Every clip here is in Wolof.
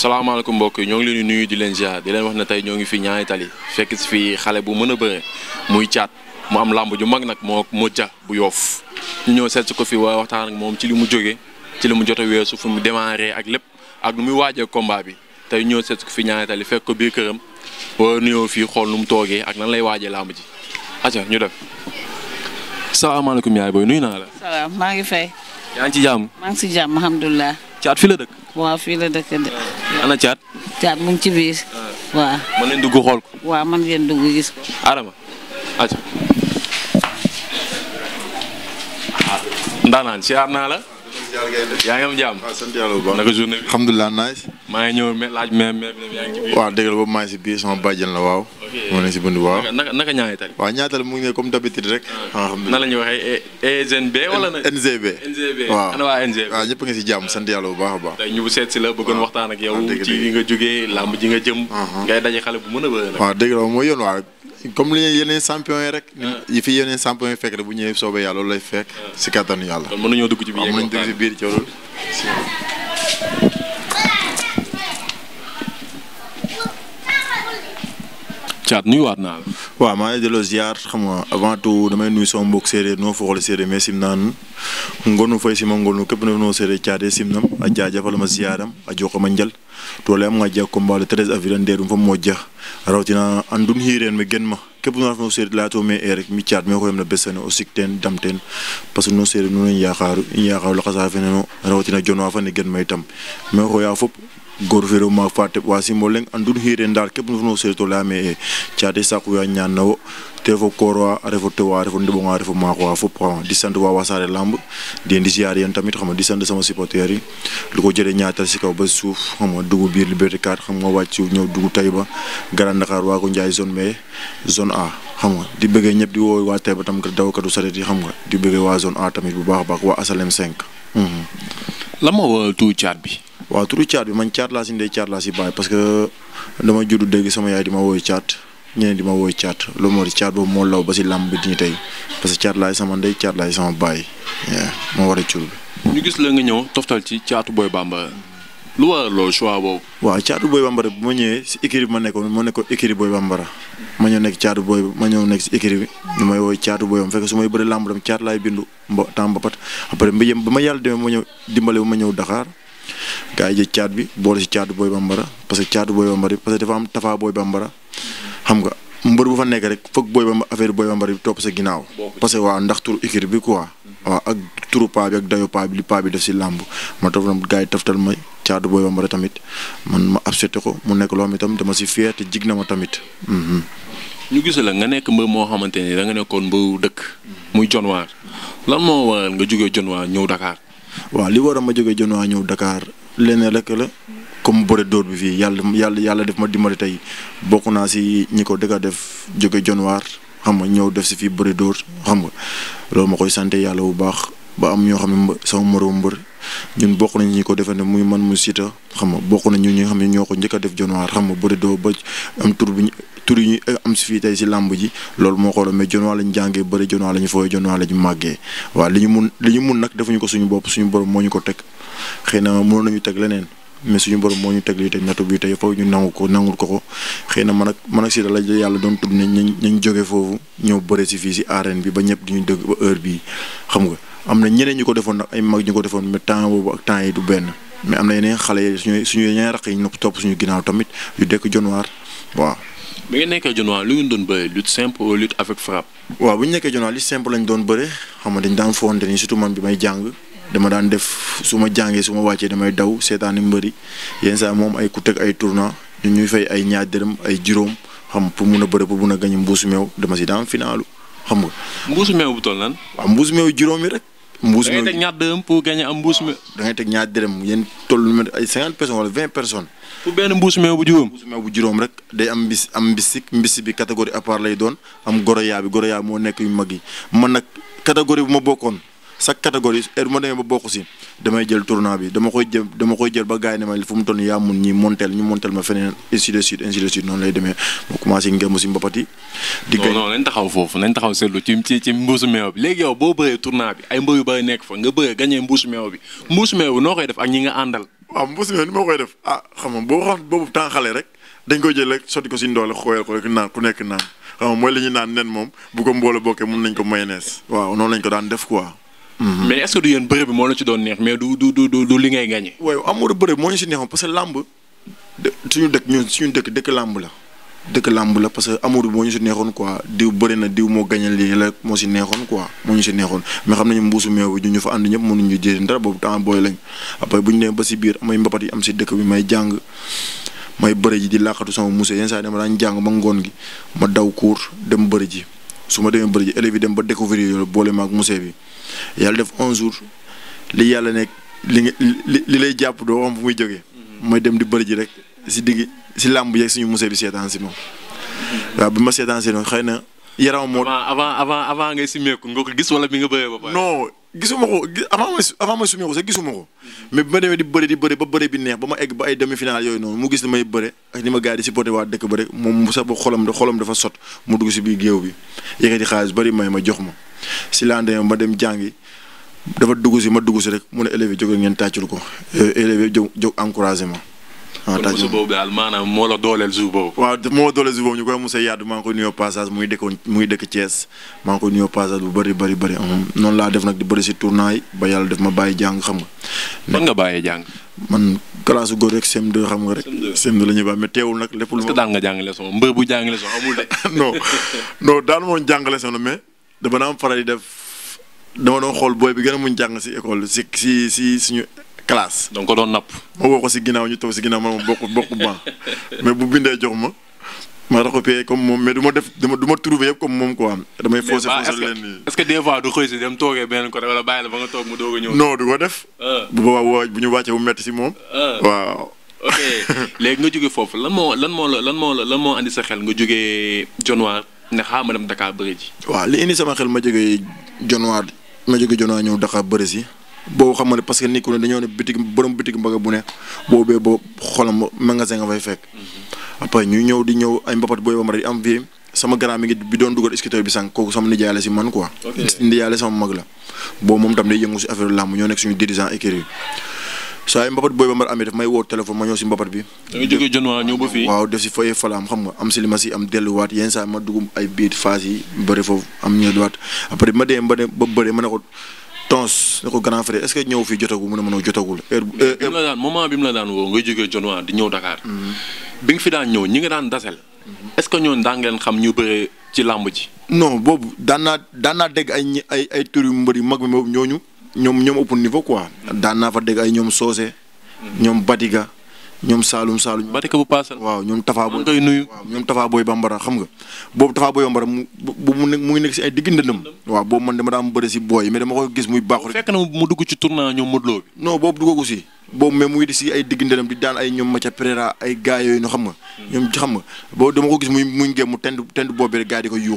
salaamaaleykum mbokk yi ñoo ngi leen nuyu di leen ziar di leen wax ne tey ñoo ngi fi ñaari tali fekk si fi xale bu mën a bëre muy caat mu am làmb ju mag nag moo moo bu yoof ñu ñëw seet si ko fi waa waxtaan ak moom ci li mu jógee ci li mu jot a weesu fu mu démarré ak lépp ak nu muy waajee combat bi tey ñëw seet si ko fi ñaari tali fekk ko biir këram war nuyoo fii xool nu mu toogee ak nan lay waajee làmb ji aca ñu def salaamaaleykum yaay booy nuyu naa la. salaam maa fi la dëkk. waa fii la dëkk de. ana caat. caat mu ci biir. Ah. waaw man leen dugg xool ko. waaw man ngeen dugg gis ko. Adama. ndaanaan siyaar naa la. yaa ngi am jàmm waaw sant yàlla bu journée bi alhamdulilah nice maa ngi ñëw laaj mais mais yaa ngi ci biir waaw dëgg la boobu maa ngi si biir sama bàjjen la waaw moo ne si bunt waaw naka naka ñaari tali waa ñaari mu ngi ne comme d'habitude rek ah. alhamdulilah nan la ñuy waxee EGNB e wala NGB NGB waa NGB waaw ñëpp nga si jàmm sant yàlla bu baax a baax tey ñu bu seet si la bëggoon waxtaan ak yow ci ah, li nga jógee làmb ji nga jëm uh-huh. ngay daje xale bu mën a bëre waaw dëgg la mooy yoon waa comme li yeneen champion yi rek. yi ah. fi yeneen champion yi fekk rek bu ñëwee soobee yàlla loolu lay fekk. Ah. si kattanu yàlla. kon mën nañoo dugg ci biir yeeg waxtaan bi mën Thiat nuyuwaat naa la. waaw maa ngi delloo ziar xam nga avant tout damay nuyu sama mbokk séeréer noo foxale séeréer mais sim naan ngonu fay sima ngonu képp na noo a ma ziyaaram a joxoma njal to le fa moo jeex rawatina andun hiireen me rek mi Thiat me ko na besane o sik teen dam teen parce que no séeréer nuun yaakaaru i yaakaaru laxasa fene no rawatina jonwa fane gen ma itam me xoya fop goor ma fateɓ wa simoleng andun hiire ndar kep nufno sereto leyame e caate saku ya ñannawo te refo koor wa a refo tewa a refo ndeɓonga a refo maako wa lamb de di siyaar yen tamit xama di sant sama supporters yi lu ko jëre ñaatal si kaw ba suuf xama dugg biir liberté 4 xam nga wàcc ñëw dugg Taïba Grand Dakar waa ko njaay zone mais zone A xam nga di bëggee di woowu waa Taïba tam dawkatu sareet yi xam nga di bëggee waa zone A tamit bu baax a baax waa asalem 5 hmm. lan moo waral caat bi waaw turu caat bi man caat laa si ndey caat laa si bàyyi parce que dama juddu dégg sama yaay di ma wooyu caat ñeneen di ma wooyu caat loolu moo di caat boobu law ba si làmb bi di tey parce que caat laay sama ndey caat laay sama bàyyi moo war a la nga ñëw toftal ci caatu booy bambara lu waral loolu choix boobu. waaw caatu booy bambara bu ma ñëwee si écurie ma nekkoon ma nekkoon écurie booy bambara ma ñëw nekk caatu booy ma ñëw nekk si écurie bi ñu may wooyu caatu booyam fekk su may bëri làmb dam caat laay bindu mba temps ba pat après ba ma yàlla demee ma ñëw dimbale ma ñëw Dakar gars yi jël caat bi boole si caatu booy bambara parce que caatu booy bambara bi parce que dafa am tafaa booy bambara xam nga mbër bu fa nekk rek foog booy bamba affaire booy bambara bi topp sa ginnaaw. parce que waaw ndax turu équipe bi quoi. Mm-hmm. waaw ak turu paa bi ak dayo paa bi li paa bi def si làmb ma toog nag gars yi taftal ma caatu booy bambara tamit man ma accepté ko mu nekk loo xam ne tamit dama si fier te jig na ma tamit. Mm-hmm. ñu gis la nga nekk mbër moo xamante ni da nga nekkoon mbëru dëkk. muy Dionewar lan moo waral nga jógee Dionewar ñëw Dakar. waaw li war a ma jógee Dionewar ñëw dakaar leneen rek la comme bëre dóor bi fii yàlla yàlla yàlla def ma dimbali tey bokk naa si ñi ko dëkk def jóge Dionewar xam nga ñëw def si fii bëre dóor xam nga loolu ma koy sant yàlla bu baax ba am ñoo xam ne sama moroom mbër ñun bokk nañ ñi ko defante muy man mu Siteu xam nga bokk nañu ñun ñi nga xam ne ñoo ko njëkk def Dionewar xam nga bëre dóor ba am tur bi tur yi ñu euh, am si fii tey si làmb ji loolu moo xoolal mais jonwaa la ñu jàngee bëri jonwaa la ñu fooy jonwaa la ñu màggee waaw li ñu mun li ñu mun nag defuñu ko suñu bopp suñu borom moo ñu ko teg xëy na mënoon nañu teg leneen mais suñu borom moo ñu teg lii teg nattu bi tey foofu nangu ko nangul ko ko xëy na man ak man ak si la yàlla doon tudd nañ ñu nañ jóge foofu ñëw bëre si fii si arène bi ba ñëpp di ñu dëgg ba heure bii xam nga am na ñeneen ñu ko defoon nag ay mag ñu ko defoon mais temps boobu ak temps yi du benn mais am na yeneen xale suñu suñu yeneen raq yi ñu topp suñu ginnaaw tamit yu dëkk jonwaar waaw bi nga nekkee journal lu ñu doon bëre lutte simple ou lutte avec frappe. waaw bu ñu nekkee journal lutte simple lañ xam nga dañ daan fonte ni surtout bi may jàng dama daan def su ma jàngee su ma wàccee damay daw seetaani mbëri yenn saa moom ay ku teg ay tournant ñu ñuy fay ay ñaar dërëm ay juróom xam pour mun a bëre pour mun a gañ mbuusu meew dama si daan finaalu xam nga. mbuusu meew bu toll nan. waaw mbuusu meew juróom yi rek. mbuus mi da teg ñaar dërëm pour gagner am mbuus mi. cinquante personnes wala vingt personnes. pour benn mbuus meew bu juróom mbuus meew bu juróom rek day am mbis am mbisik mbisi bi catégorie à part lay doon am goroyaa bi goroyaa moo nekk yu mag yi man nag catégorie bu ma bokkoon chaque catégorie heure bu ma demee ba bokku si damay bi dama koy jël dama koy jël ba gars yi ne ma fu mu toll nii yaa mun de suite ainsi de suite noonu lay demee mu commencé ngemu si mbapat yi. di nañ taxaw foofu nañ taxaw seetlu ci ci ci mbuusu meew bi léegi yow boo bëree tournoi bi ay mbër yu bëri nekk fa nga bëree gagné mbuusu meew bi mbuusu meew bi noo koy def ak ñi nga àndal waaw mbuus mi ni ma koy def ah xam nga boo boobu temps xale rek dañ koy jël rek sotti ko si ndoole xooyal ko rek naan ku nekk naan xam nga mooy li naan nen moom bu ko mboole bokkee mun nañ ko mayonnaise waaw noonu lañ ko daan def quoi. Mhm. mais est du yéen bëre bi moo la ci doon neex mais du du du du li ngay gagné. waaw amuñu bëre moo ñu si neexoon parce que làmb ñu dëkk ñun suñu dëkk dëkk làmb la. dëkk làmb la parce que amour bi moo ñu si neexoon quoi diw bëri na diw moo gañal lii la moo si neexoon quoi moo ñu si neexoon mais xam nañu mbuusu meew bi ñu ñu fa ànd ñëpp mënuñu jëriñ dara boobu temps booy lañ après bu ñu demee ba si biir amay mbapat yi am si dëkk bi may jàng may bëri ji di làqatu sama musée yenn saa yi dama daan jàng ba ngoon gi ma daw cours dem bëri ji su ma demee bëri ji élèves yi dem ba découvrir yooyu boole ma ak musée bi yàlla def un jour li yàlla nekk li li lay jàpp doo xam fu muy jógee mhm. dem di bëri ji rek si digg si làmb yeeg suñu musée bi seetaan si moom waaw bi ma seetaan si noonu xëy na yaram moo. avant avant avant ngay simmeeku nga ko gis wala bi nga bëree ba pare. non gisuma ko avant ma avant ma simmeeku gisuma ko. mais bi ma demee di bëre ba bëre bi neex ba ma egg ba ay demi final yooyu noonu mu gis ni may bëre ak ni ma gars yi di supporté waa dëkk bëre moom sax ba xolam dafa sot mu duggu si biir géew bi di xaalis bari may ma jox ma si lendemain ma dem jàngi. dafa dugg si ma dugg si rek mu ne élèves yi jóge ngeen tàccul ko élèves j encouragé ma waaw ah, kon boobu daal maanaam moo la dooleel jour boobu. waaw moo dooleel jour boobu ñu koy Moussa Yadou maa ngi koy nuyoo passage bu bëri bëri bëri um, noonu laa def nag di bëri si tournoi ba yàlla def ma bàyyi jàng xam nga. man nga bàyyee jàng. man classe góor rek CM2 xam nga rek. CM2 la ñuy baax mais teewul nag lépp lu ma. est-ce que daan mbër bu jàng leçon amul de. non non daan moo jàng leçon mais dama daan faral di def dama doon xool booy bi gën a mun jàng si école si si si suñu classe. donc ko doon napp. ma woo ko si ginnaaw ñu toog si ginnaaw ma bokk bokk ban mais bu bindee jox ma ma recopier comme moom mais du ma def du ma du ma trouver comme moom quoi. damay fausser fausser leen nii fois du xëy si dem toogee benn côté wala bàyyi la ba nga a ñëw. Ah. bu boobaa bu ñu wàccee bu metti si moom. Ah. waaw. léegi nga jógee foofu lan moo lan moo la lan moo la lan moo indi sa xel nga jógee Dionewar ne xaaral ma dem Dakar bëri ji. waaw li indi sama xel ma jógee Dionewar ma jógee Dionewar ñëw Dakar bëri si boo xam ne parce que nit ku ne dañoo ne bitig borom bitig mbaga bu ne boobee boo xolam magasin nga fay fekk. Mm-hmm. après ñuy ñëw di ñëw ay mbapat booy bambara di am vie sama bi doon dugal scooter bi sànq kooku sama nijaay la si man quoi. ok nijaay la sama mag la. boobu moom tam daf may woo téléphone ma ñëw si mbapat bi. waaw def si foyee falaam xam nga am si li ma si am delluwaat yenn saa ma dugg ay biir phase yi bëri foofu am ñëwaat après ma dee ba ne ba bëri ma ne ko tons ne ko grand frère est-ce que ñëw fi jotagul mu ne ma noo jotagul. heure bi mu la daan moment bi mu la daan woo ngay jógee Dionewar di ñëw Dakar. Mm-hmm. bi nga fi daan ñëw ñi nga daan dasel. Mm-hmm. est-ce que ñooñu daan ngeen xam ñu bëree ci làmb ji. non boobu daan naa daan dégg ay ñi ay ay tur yu mbër yu mag mi ñooñu ñoom ñoom ëpp niveau quoi. daan naa fa dégg ay ñoom Socé. Mm-hmm. ñoom Badiga. ñoom Saalum Saalum. barke bu paasal waaw ñoom Tafa. booy koy nuyu xam nga. boobu Tafa booy bambara mu bu mu nekk mu ngi nekk si ay digg ndëndam. waaw boobu man dama daan bëri si booy mais dama ko gis muy baax. fekk na mu dugg mu ngi di si ay digg ndëndam di daan ay ñoom Mathia Pereira ay gars yooyu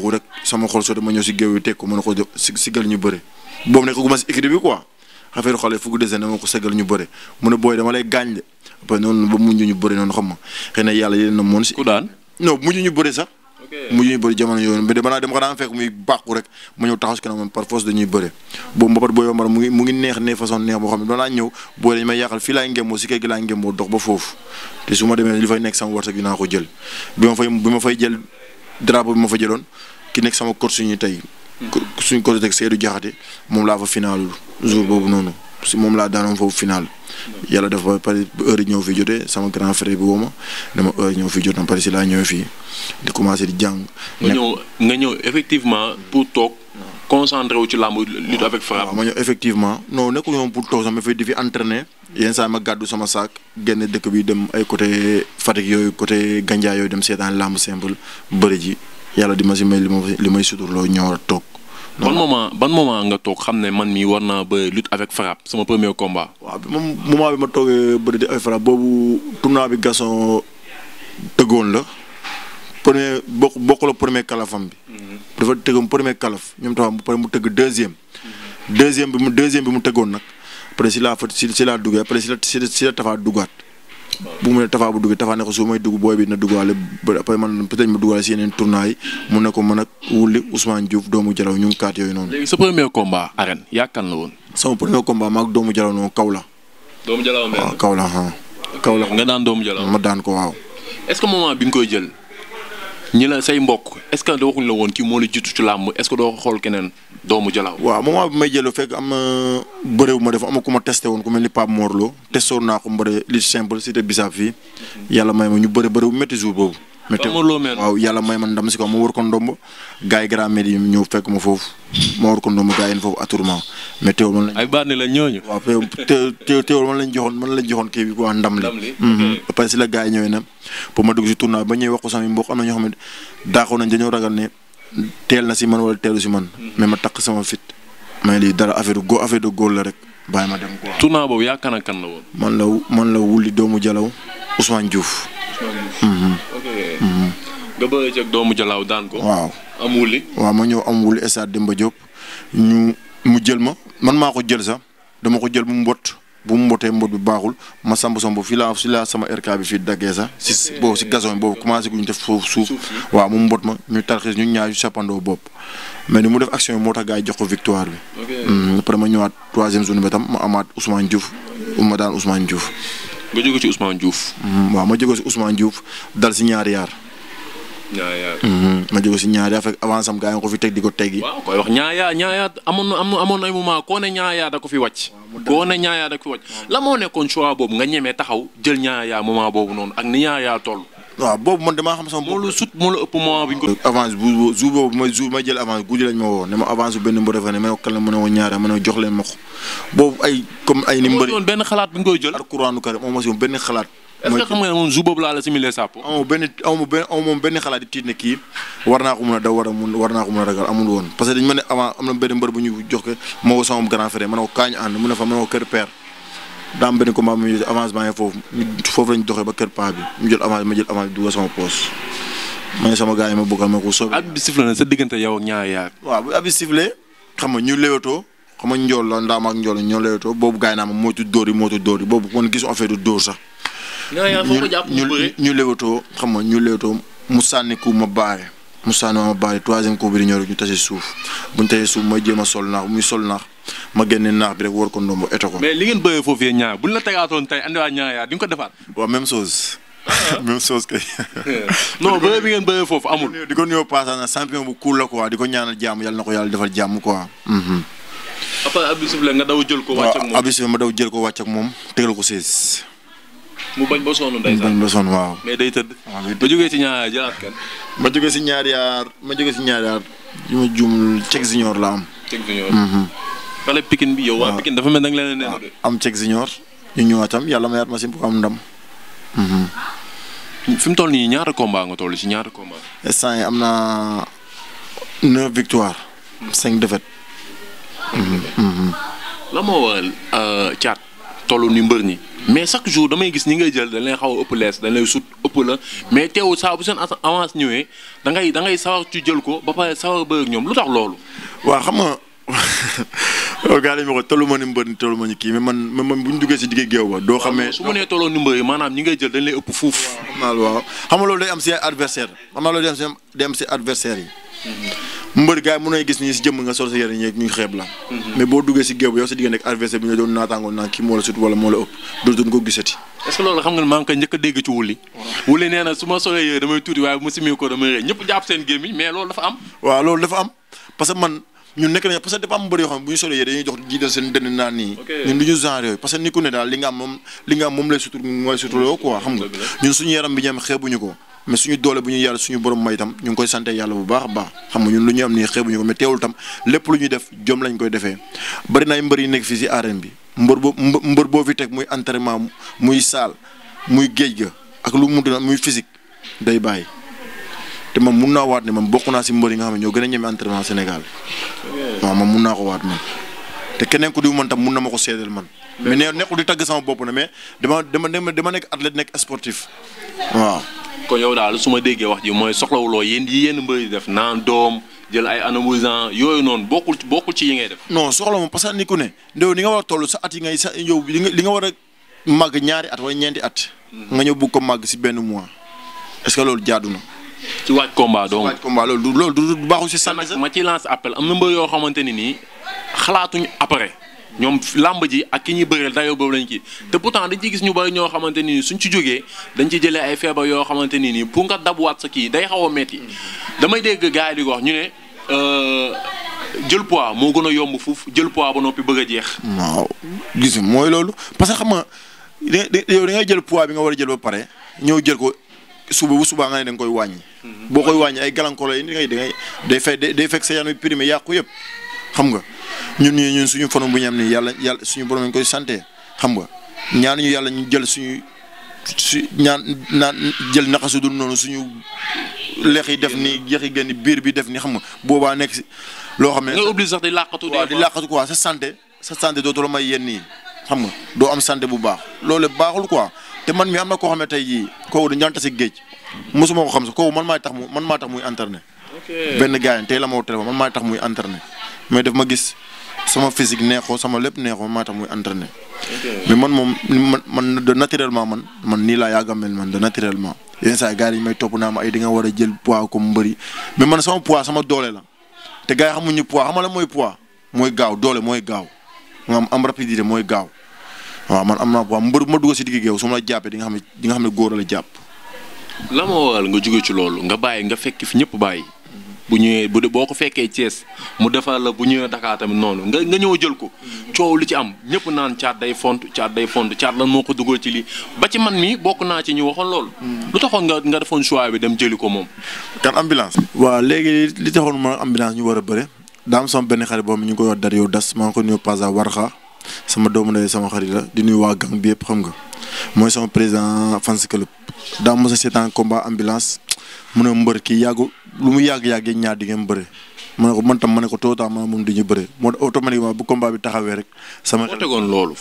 rek sama xol soo dama ñëw si géew yi teg ko mën a ko sigal ñu bëre boobu nekk gu si équipe bi quoi xale fukki desene ma ko segal ñu bëre mu ne booy dama lay gaañ de après noonu ba mujj ñu bëri noonu xam ma xëy yàlla yàlla yéen na moon si. ku daan non mujj ñu bëri sax. mujj ñu bëri jamono yooyu mais dama dem ko daan fekk muy ngi mu ngi neex ne façon neex boo xam ne danaa ñëw boo dañ may yàqal fii laay ngémmoo si kër gi laay ngémmoo dox ba foofu te su ma demee li fay nekk sama warsak naa ko jël bi ma fay bi ma jël drapeau bi ma fa jëloon ki nekk sama coach suñu tey hmm. suñu coach teg Seydou Diakhaté moom laa fa finaalul jour boobu noonu si moom laa daanoon foofu final. yàlla dafa ba pare heure ñëw fi jotee sama grand frère bi woo ma dama heure ñëw fi jot na pare si laa ñëwee fii di commencé di jàng. nga ñëw nga ñëw effectivement pour toog. concentré wu ci làmb ma ñëw effectivement non nekku ñoom pour toog sama fi di fi entraîner. yenn saa ma gàddu sama saak génn dëkk bi dem ay côté Fatick yooyu côté Gandiaye yooyu dem seetaan làmb simple bëri ji yàlla di ma si may li ma li may suturloo ñëw toog. ban moment ban moment nga toog xam ne man mi war naa ba lutte avec frappe sama premier combat. waaw bi bi ma toogee bëri di ay frappe boobu tournoi bi Gaston tëggoon la. premier bokk bokk la premier kalafam bi. Mhm. dafa tëggoon premier kalaf ñoom tamit ba pare mu tëgg deuxième. Mhm. deuxième bi mu deuxième bi mu tëggoon nag après si laa fa si si laa duggee duggaat. bu mu ne Tapha bu dugg Tapha ne ko may dugg booy na duggaale ba après man peut ma duggaale si yeneen tournois yi mu ne ko man ak wulli Ousmane Diouf doomu jaraw ñu kaat yooyu noonu. sa premier combat arène yaakaar la woon. sama premier combat maag doomu jaraw noonu kaw la. doomu kaw la ah. nga daan doomu jaraw ma daan ko waaw. est-ce que moment bi nga koy jël ñi la say mbokk est-ce que da waxuñ woon kii moo la jiitu ci làmb est-ce que doo ko xool keneen doomu Jalaaw. waaw moment bi may jëloo fekk am na bëreew ma dafa am ku ma woon ku mel ni Pape Mor Lo testé woon naa ko mbëre li simple cité bisaab fii yàlla may ma ñu bëre bëreew métti jour boobu. météo waaw yàlla may man ndam si ko ma wër ko ndomb gars yi grand ñëw fekk ma foofu ma wër ko ndomb gars yi foofu atourment mais teewul man lañ. ay bànn la ñooñu. waaw teewul teewul man joxoon man lañ joxoon kii bi quoi ndam li. ndam li mhm. ba pare si la gars yi ñëwee na pour ma dugg si tournoi ba ñuy wax ko sama mbokk am na ñoo xam ne daaxoon si man wala teelu si man. Mhm. mais ma takk sama fit. mais lii dara affaire go affaire de góor la rek bàyyi ma dem quoi. tournoi boobu yaa kan ak kan la woon. man la man la wulli doomu jalaw Ousmane Diouf. Mhm. nga bëgg a doomu jalaaw daan ko. waa am wuli. waaw ma ñëw am wuli stade Demba Diop ñu mu jël ma man maa ko jël sax dama ko jël bu mbot bu mu mbotee mbot bi baaxul ma samb samb fii laa fii laa sama RK bi fii daggee sax si boobu si gazon boobu commencé guñ def foofu suuf waaw mu mbot ma ñu tarxis ñu ñaar ñu sappandoo mais ni mu def action bi moo tax gars yi jox ko victoire bi. Mm, après ma ñëwaat troisième zone bi tam ma amaat Ousmane Diouf ma daan Ousmane Diouf. ma jóge ci Ousmane Diouf. Mm, waaw ma jóge si Ousmane Diouf dal si ñaari yaar. ñaaya mhm. ma jóge si ñaaya fekk avance am gaa ngi ko fi teg di ko teggi. ñaaya ñaaya amoon ay moment koo ne ñaaya da fi wàcc. koo ñaaya da fi wàcc. la moo nekkoon boobu nga ñemee taxaw jël ñaaya moment boobu noonu ak ni ñaaya toll. waaw boobu man damaa xam sama. moo sut moo ëpp moment avance bu benn mbër dafa ne ma ne ko kan la ne woon ñaara ma boobu ay comme ay. ni mbëri benn xalaat bi nga koy jël. alquraanu karim moo ma si benn xalaat est ce que xam nga ne moom jour boobu laa la simile sàpp. amoo moom benn xalaat di tiit ne kii war naa ko mun a daw war a mun woon parce que dañu ma ne avant am na benn mbër bu ñu jox ko moo ko sama grand frère ma ne ko kaañ ànd foofu lañ doxee ba kër paa bi mu jël avance ma jël avance bi dugal sama poos ma ne sama gars yi ma bokkal ma ko soobee. at bi sifflé sa diggante yow ak ñaar yaar. waaw bu at bi sifflé xam nga ñu léewatoo xam nga njool la ndaam ak njool ñoo léewatoo boobu moo tudd dóor yi moo tudd boobu man ñu ñu léwatoo xam nga ñu léwatoo mu sànni ku ma baare mu sànni ma baare troisième coup bi di ñëw rek ñu tase suuf buñ tase suuf may jéem sol naax muy sol naax ma génne naax bi rek war ko ndombo eto ko. mais li ngeen bëree foofu yéen ñaar buñ la tegaatoon tey andiwaat ñaar yaa di nga ko defaat. waaw même chose. bi ngeen bëree foofu amul. di ko nuyoo paasaan na champion bu cool la quoi di ko ñaanal jàmm yàlla na ko yàlla defal jàmm mhm. jël ko. wàcc ak moom waaw ma daw jël ko wàcc moom tegal ko siis mu bañ ba sonn ndeysaan mu bañ ba waaw. mais day tëdd. ba jógee ci ñaar jëlaat kan. ma jógee si ñaari yaar ma jógee si ñaar yaar yu ma juum Cheikh Junior la am. Cheikh mhm. bi yow waa Pikine dafa mel da nga am ceg Junior ñu ñëwaat tam yàlla mayaat ma si bu am ndam. Mhm. fi mu toll nii ñaata a nga toll si ñaata combat. instant yi am na neuf victoire. cinq défaites. Mhm, la moo euh, tollu ni mbër ñi. mais chaque jour damay gis ñi ngay jël dañ lay xaw a ëpp lees dañ lay sut ëpp la mais teewul saa bu seen avance ñëwee da ngay da ngay sawar ci jël ko ba pare sawar bëgg ñoom lu tax loolu. waa xam nga loolu gars yi kii mais bu ñu duggee si digg géew xamee. su nee tolloo ni maanaam ñi ngay jël dañ lay ëpp fuuf. waaw xam nga loolu day am si adversaire xam nga loolu day am si day am si adversaire yi. Mhm. mbër gars yi mën nañu gis ni si jëmm nga sol sa yére ñeeg ñu xeeb la mhm. mais boo duggee si géew bi yow sa diggante ak adversaire bi ñu doon naataangoo naan kii moo la sut wala moo loolu a dégg ci ko damay xam nga ñun suñu yaram bi ñam xeebuñu ko mais suñu doole bu ñu yàlla suñu borom may tam ñu ngi koy sante yàlla bu baax a baax xam nga ñun lu ñu am nii xeebuñu ko mais teewul tam lépp lu ñuy def jom lañ koy defee bari na ay mbër yi nekk fii si arène bi mbër boo mbër boo fi teg muy entraînement muy saal muy géej ga ak lu mun mu munti muy physique day bàyyi te man mun naa waat ne man bokk naa si mbër yi nga xam ne ñoo gën a ñeme entraînement Sénégal waaw man mun naa ko waat man te keneen ku di man tam mun na ma ko seedeel man. mais nekkul di tagg sama bopp na mais dama dama dama nekk athlète nekk sportif waaw. kon yow daal su ma déggee wax ji mooy soxlawuloo yéen yi mbër mbëri def naan doom jël ay anabolisant yooyu noonu bokkul bokkul ci yi ngay def. non soxla moom parce que ku ne ndew ni nga war a toll sa at yi ngay sa yow li nga li nga war a màgg ñaari at wala ñeenti at. nga ñëw bugg ko màgg si benn mois est loolu jaadu na. ci waaj combat donc waaj combat loolu du loolu du baaxu si. sànni ma ci lance appel am na mbër yoo xamante ni nii xalaatuñu après. ñoom làmb ji ak ki ñuy bëreel dayoo boobu lañ kii te pourtant dañ ciy gis ñu bari ñoo xamante nii suñ ci jógee dañ ci jëlee ay feebar yoo xamante nii nii pour nga dabuwaat sa kii day xaw a metti damay dégg gars di ko wax ñu ne euh, jël pois moo gën a yomb fuuf jël poids ba noppi bëgg a jeex. waaw gis mooy loolu parce que xam nga yow da ngay jël pois bi nga war a jël ba pare ñëw jël ko suba bu subaa nga ne da koy wàññi. Mhm. boo koy wàññi ay gàllankoor la yi ngay da day fekk day fekk sa yaram bi primé yàqu yëpp. xam nga ñun ñii ñun suñu fanu bu ñu am nii yàlla yàlla suñu borom lañ koy sante xam nga ñu yàlla ñu jël suñu su ñaan naan jël naqasu dul noonu suñu lex yi def nii jeex yi génn biir bi def ni xam nga boobaa nekk si loo xam ne. nga obligé sax làqatu. waaw sa santé sa santé dootu la may yenn yi xam nga doo am santé bu baax loolu baaxul quoi te man mi am na koo xam ne tey jii kooku dañu daan tase géej mosuma ko xam sax kooku man maay tax mu man maa tax muy internet. benn gars tey la ma woo téléphone man maay tax muy internet. mais daf ma gis sama physique neexoo sama lépp neexoo maa tax muy entraîné mais man moom man man de naturellement man man nii laa yàgg a mel man de naturellement yenn saa gars yi may topp naa ma ay di nga war a jël poids comme mbëri mais man sama poids sama doole te gars yi xamuñu poids mooy poids mooy gaaw doole mooy gaaw nga am am mooy gaaw waaw man am naa poids mbër ma dugg si digg géew su ma la jàppee di nga xam ne di nga xam ne góor la jàpp. la ma waral nga jóge ci loolu nga bàyyi nga fekk fi ñëpp bàyyi. bu ñëwee bu boo ko fekkee Thiès mu defar la bu ñëwee Dakar tamit noonu nga nga ñëw jël ko coow lu ci am ñëpp naan caat day font caat day font caat lan moo ko dugal ci lii ba ci man mi bokk naa ci ñu waxoon loolu. Hmm. lu taxoon nga nga defoon choix bi dem jëli ko moom. kan ambulance. waa léegi li taxoon ma ambulance ñu war a bëre daam sama benn xarit boobu ñu ngi koy wax Dario Das maa ngi ko nuyu Paza Warxa sama doomu ndey sama xarit la di nuy waa gang bi yëpp xam nga mooy sama président fans club daa mos a seetaan combat ambulance mu ne mbër kii yàggu lu mu yàgg-yàgg yéen ñaar di ngeen bëre ma ne ko man tam ma ne ko tôt ou tard man moom du ñu bëre moo automatiquement bu combat bi tegoon loolu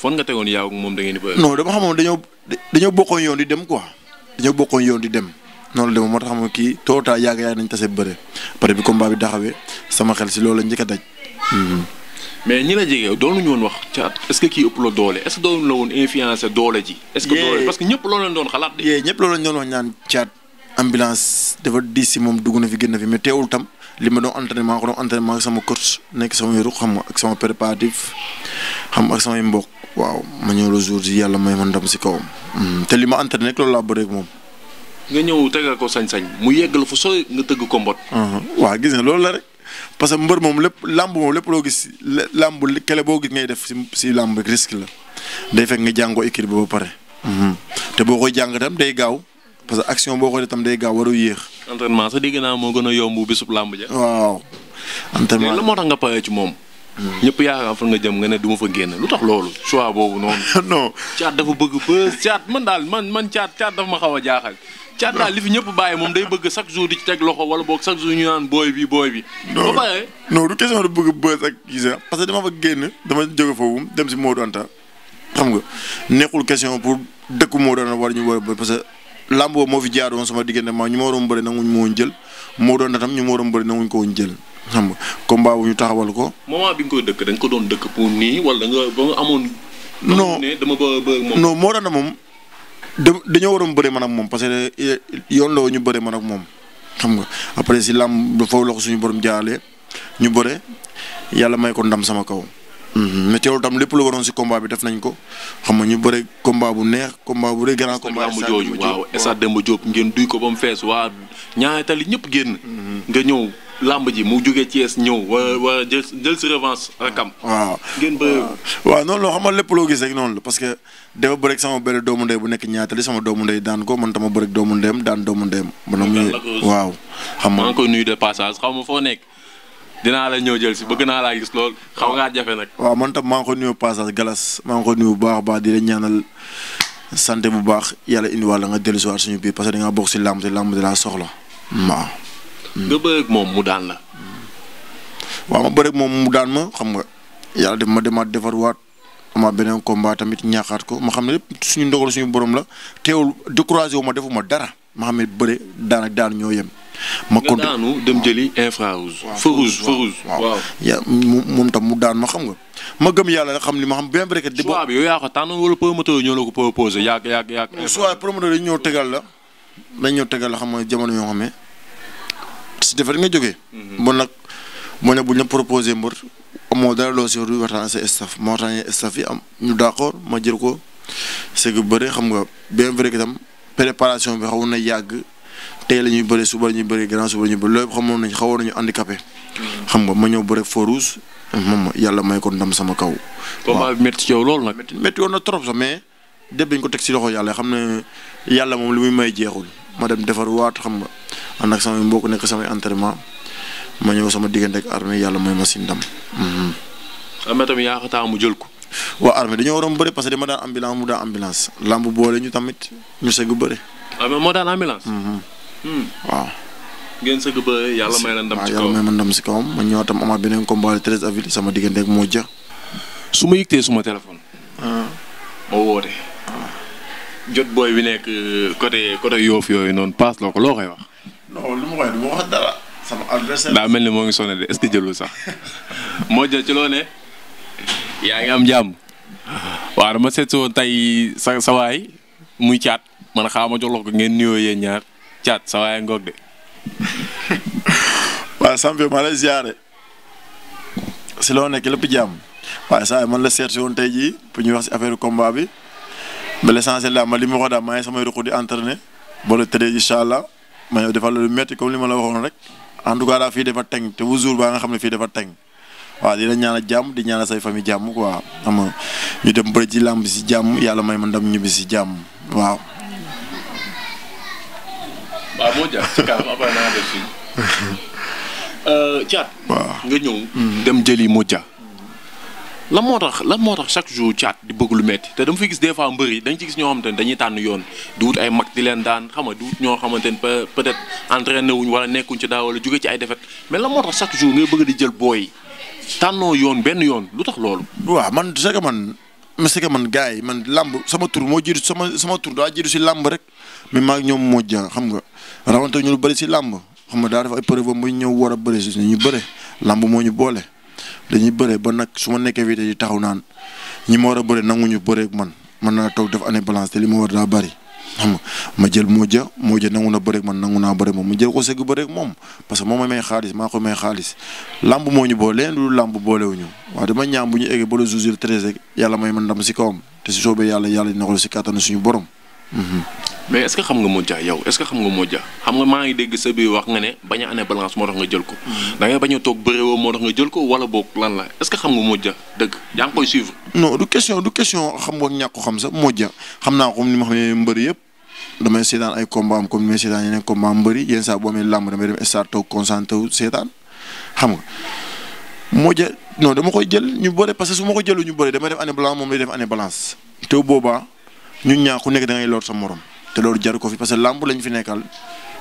dama xamoon dañoo bokkoon yoon di dem quoi dañoo bokkoon yoon di dem noonu la dem moo tax ma kii tôt ou tard yàgg-yàgg nañ tase bëre pare bi combat bi taxawee sama xel si loolu la njëkk a daj. Hmm. mais ñi la jege doonuñu woon wax caat est-ce que est est-ce que loolu lañ doon xalaat de. yee loolu lañ doon wax ñaan caat ambulance dafa diis si moom dugg na fi génn fi mais teewul tam li ma doon entraînement ko doon entraînement ak sama coach nekk samay ruq xam ak samay mbokk waaw ma ñëw le jour yi yàlla may ma ndam si kawam hmm, te li ma entraîné rek loolu laa bëreeg moom. nga ñëw tegal ko sañ-sañ mu yegg la fu sooy nga tëgg ko mbot. Hmm, waaw gis nga loolu la rek parce que mbër moom lépp làmb moom lépp loo gis làmb kele boo gis ngay def si si làmb la day fekk nga jàngoo équipe ba pare. Hmm, te boo parce que action boo xoolee tam day gaaw waru yéex. entraînement sax dégg naa moo gën a yomb bisub làmb ja. waaw entraînement moo tax nga payee ci moom. ñëpp yaakaar fa nga jëm nga ne du ma fa génn lu tax loolu choix boobu noonu. non caat dafa bëgg bës caat man daal man man caat ma xaw a jaaxal. caat daal li fi ñëpp bàyyi moom day bëgg chaque jour di ci teg loxo wala boog chaque jour ñu naan booy bi booy bi. non non du question du bëgg bës ak gis parce que dama fa génn dama jóge foofu dem si Modou Anta xam nga nekkul question pour dëkku Modou Anta làmboo moo fi jaaroon sama diggante ma ñu ma waroon bëri nanguñ moo jël moo doon tam ñu ma waroon bëri nanguñ ko jël xam nga combat bu ñu ko. moment bi nga dëkk da nga ko doon dëkk pour nii wala da nga ba nga amoon. dama ko moom. non moo doon moom da dañoo waroon bëri man moom parce que yoon la ñu bëri man ak moom xam nga après si làmb foofu la ko suñu borom jaarale ñu bëre yàlla may ko ndam sama kaw. Mhm. mais teewul tam lépp lu waroon si combat bi def nañ ko xam nga ñu bëri combat bu neex combat bu rëy grand combat bu jooju waaw ngeen duy ko ba mu fees waa ñaari ñëpp génn mhm. nga ñëw làmb ji mu jógee Thiès ñëw wala wala jël jël si revanche rakam waaw ba waaw noonu loo xam nga lépp loo gis rek noonu la parce que dafa bëri sama benn doomu ndey bu nekk ñaatali sama doomu ndey daan ko man tama bëri doomu ndeyam daan doomu ndeyam. man waaw xam nga maa koy nuyu de passage xaw ma foo nekk dinaa la ñëw jël si bëgg naa laa gis lool xaw ngaa jafe nag. waaw man tam maa ngi ko nuyu passage galas maa ngi ko nuyu bu baax a baax di la ñaanal santé bu baax yàlla indiwàll nga dellu si waat suñu biir parce que da ngaa bokk si làmb te làmb da laa soxla. waaw. Hmm. nga bëreeg moom mu daan la. waaw moom mu daan ma xam nga yàlla def ma demaat defarwaat amaat beneen combat tamit ñaaxaat ko ma xam ne lépp suñu ndogal suñu borom la teewul découragé wu ma defu ma dara ma xam ne bëre daan ak daan ñoo ma kon daanu dem jëli infra rouge. feu rouge waaw moom tam mu daan ma xam nga. ma gëm yàlla rek xam ni ma xam bien vrai que. di bi yow yaa ko tànn wala promoteur la ko proposé yàgg tegal la dañ ñëw tegal la xam nga jamono yoo xam ne si defar nga jógee. Mhm. bon nag moo ne buñ la proposé mbër amoo dara loo si war waxtaan sa staff ma waxtaanee staff yi am ñu d'accord ma jël ko c'est que bëre xam nga bien vrai que tam préparation bi xawoon na yàgg. tey la ñuy bëre suba la ñuy bëre grand suba la ñuy bëre loolu xamoon nañu handicapé. xam nga ma ñëw bëre Farouz moom yàlla may ko ndam sama kaw. combat bi métti ci yow loolu nag. métti woon na trop sax mais dépp ko teg si loxo yàlla xam ne yàlla moom li muy may jeexul ma dem defar waat xam nga ànd ak samay mbokk nekk samay entraînement ma ñëw sama diggante ak armée yàlla may ma si ndam. Mhm. am tamit yaa ko taa mu jël ko. waa armée dañoo waroon bëri parce que dama daan ambulance mu daan ambulance lamb boole ñu tamit ñu sëgg bëri. Ah, waaw moo waaw. ngeen sëgg ba yàlla may la ndam ci kawam waaw yàlla ma ndam ci kawam ma ñëwaat tam amaat beneen combat le 13 sama diggante ak moo jë. su ma yëgtee suma téléphone. Ah. ma woote. Ah. jot booy bi nekk euh, côté côté yoof yooyu noonu paas loo ko loo koy wax. non daa mel ni moo ngi sonné de est-ce que sax moo jë ci loo yaa ngi am jàmm. waaw dama seet si tey sa sa muy caat man xaaral ma jox la ko ngeen nuyoo yéen ñaar. caat sa waaye ngoog de waaw Samb maa lay ziare si loo nekk lépp jàmm waaye saa man la seet si woon tey jii pour ñu wax si affaire combat bi ba l'essentiel daal ma li ma wax daal maa ngi samay ruq di entraîné ba le tëree incha allah ma ñëw defal la lu métti comme li ma la waxoon rek en tout cas daal fii dafa teng te bu jour baa nga xam ne fii dafa teng waa di la ñaanal jàmm di ñaanal say famille jàmm ko xam nga ñu dem bëri ci làmb si jàmm yàlla may ma ndam ñibbi si jàmm waaw. waaw moo jaar ci kanam après naa def fii. Euh, Thiat. nga ñëw. dem jëli Modja. lan moo tax lan moo tax chaque jour Thiat di bëgg lu metti te dama fi gis des fois mbër yi dañ ci gis ñoo xamante ne dañuy tànn yoon di wut ay mag di leen daan xam nga di wut ñoo xamante ne peut-être entraîné wuñ wala nekkuñ ci daaw wala jóge ci ay défaite mais lan moo tax chaque jour ngay bëgg di jël booy tànnoo yoon benn yoon lu tax loolu. waaw man c'est que man. parce que man gars yi man làmb sama tur moo jiitu sama sama tur daa jiitu si làmb rek mais maa ñoom moo jaan xam nga rawante ñu lu bëri si làmb xam nga daa def ay preuve bu ñëw war a bëri si ñu bëre làmb moo ñu boole dañuy bëre ba nag su ma nekkee fii di taxaw naan ñi ma war a bëre nanguñu bëreeg man mën naa toog def année balance te li ma war daa bëri. xam ma jël moo Modja nangu na bëreeg man nangu naa bëreeg moom ma jël ko sëgg bëreeg moom parce que moom may xaalis maa ko may xaalis làmb moo ñu boole leen lu làmb boolewuñu waaw dama ñaam bu ñu eggee ba le jour treize yàlla may man ndam si kawam te si soobee yàlla yàlla dina ko si kattanu suñu borom mais est-ce que xam nga Modou Dia yow est-ce que xam nga Modou Dia xam nga maa ngi dégg sa biir wax nga ne bañ a année balance moo tax nga jël mm-hmm. a toog bëreewoo moo ko wala boog lan la est-ce que nga Modou Dia dëgg yaa ngi koy suivre. non du ñàkk xam sax Modou Dia xam naa ko ni ma mbër yëpp damay seetaan ay combat am comme ni may seetaan yeneen combat am mbëri yenn saa boo amee làmb damay dem stade xam nga Modou Dia non dama koy jël ñu bëre parce que su ma ko jëlu ñu bëre damay def année balance moom lay def année balance te boobaa ñun ñaa ku nekk da ngay lor sa morom te loolu jaru ko fi parce que làmb lañ fi nekkal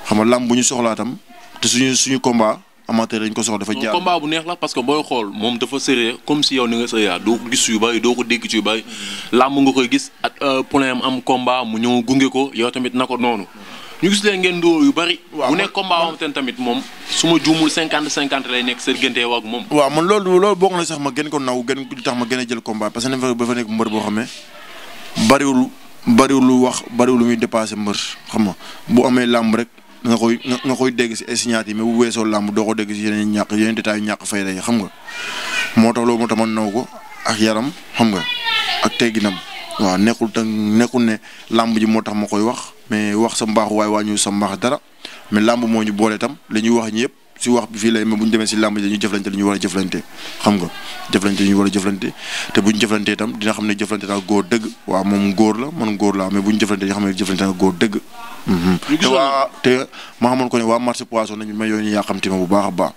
xam nga làmb bu ñu soxlaa tam te suñu suñu combat amateur dañ ko soxla dafa jaar combat bu neex la parce que booy xool moom dafa sëree comme si yow ni nga sëyaa ah, doo ko gis yu ko dégg ci yu bari làmb nga euh, mu ñëw gunge ko yow tamit na ko noonu. ñu gis leen ngeen dóor yu bari. bu nekk combat am ten tamit moom su ma juumul cinquante cinquante lay nekk seen gënte ak moom. waaw man loolu loolu bokk na sax ma gën ko naw gën li tax ma gën a jël combat parce que dafa nekk mbër boo xam ne bariwul bariwul lu wax bariwul muy dépassé mbër xam nga bu amee làmb rek nga koy nga koy dégg si signature yi mais bu weesoo làmb doo ko dégg si yeneen ñàkk yeneen détails yu ñàkk fay day xam nga moo tax loolu moo tax man naw ko ak yaram xam nga ak tegginam waaw nekkul te nekkul ne làmb ji moo tax ma koy wax mais wax sa mbaax waaye waa ñu sa mbaax dara mais làmb moo ñu boole tam li ñuy wax ñi yëpp si wax bi fii lay mais bu ñu si làmb ji dañuy jëflante li ñu war a jëflante xam nga jëflante li ñu te bu ñu jëflante itam dina xam ne jëflante naa góor dëgg waaw moom góor la man góor laa mais bu ñu jëflante dañu xam ne jëflante naa góor dëgg mhm. te waa te ma xamoon ko ne waa marché poisson nañu ma yónni yaa xam ti bu baax baax